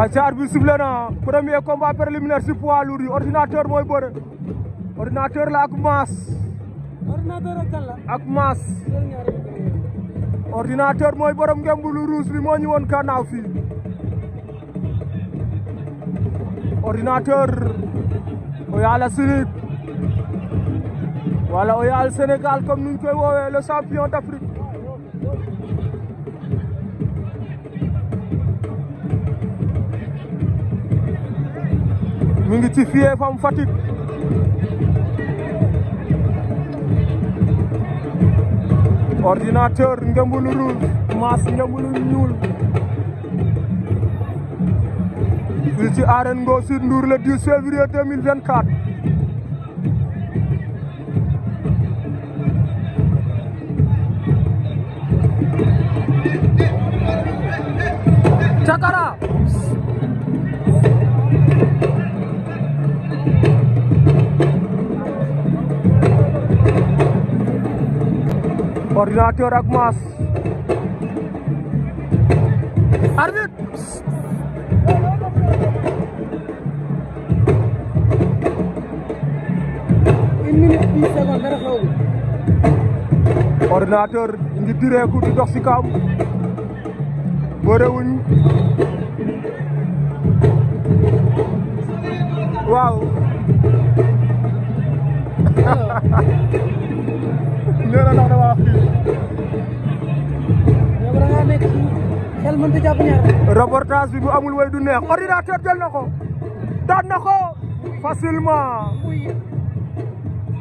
aca arbitre sifflé na premier combat préliminaire si poids lourd yi ordinateur mooy bëre ordinateur la ak maas ordinateur mooy borom ngemb lu ruus li moo ñu woon kanaaw fii ordinateur o yaala sinit wala o yaal Sénégal comme nuñ koy le champion d'Afrique mi ngi ci fiyee fam Fatick ordinateur ngembul rouge maas ngembul ñuul fii ci arène Ngosir Ndour le 10 vingt 2024 ordinateur ak maas arbitre une ngi direeku di dox si kaam waaw reportage bi amul woy du neex ordinateur jël na ko daan na ko facilement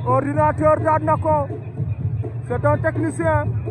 ordinateur daan na ko c'est un technicien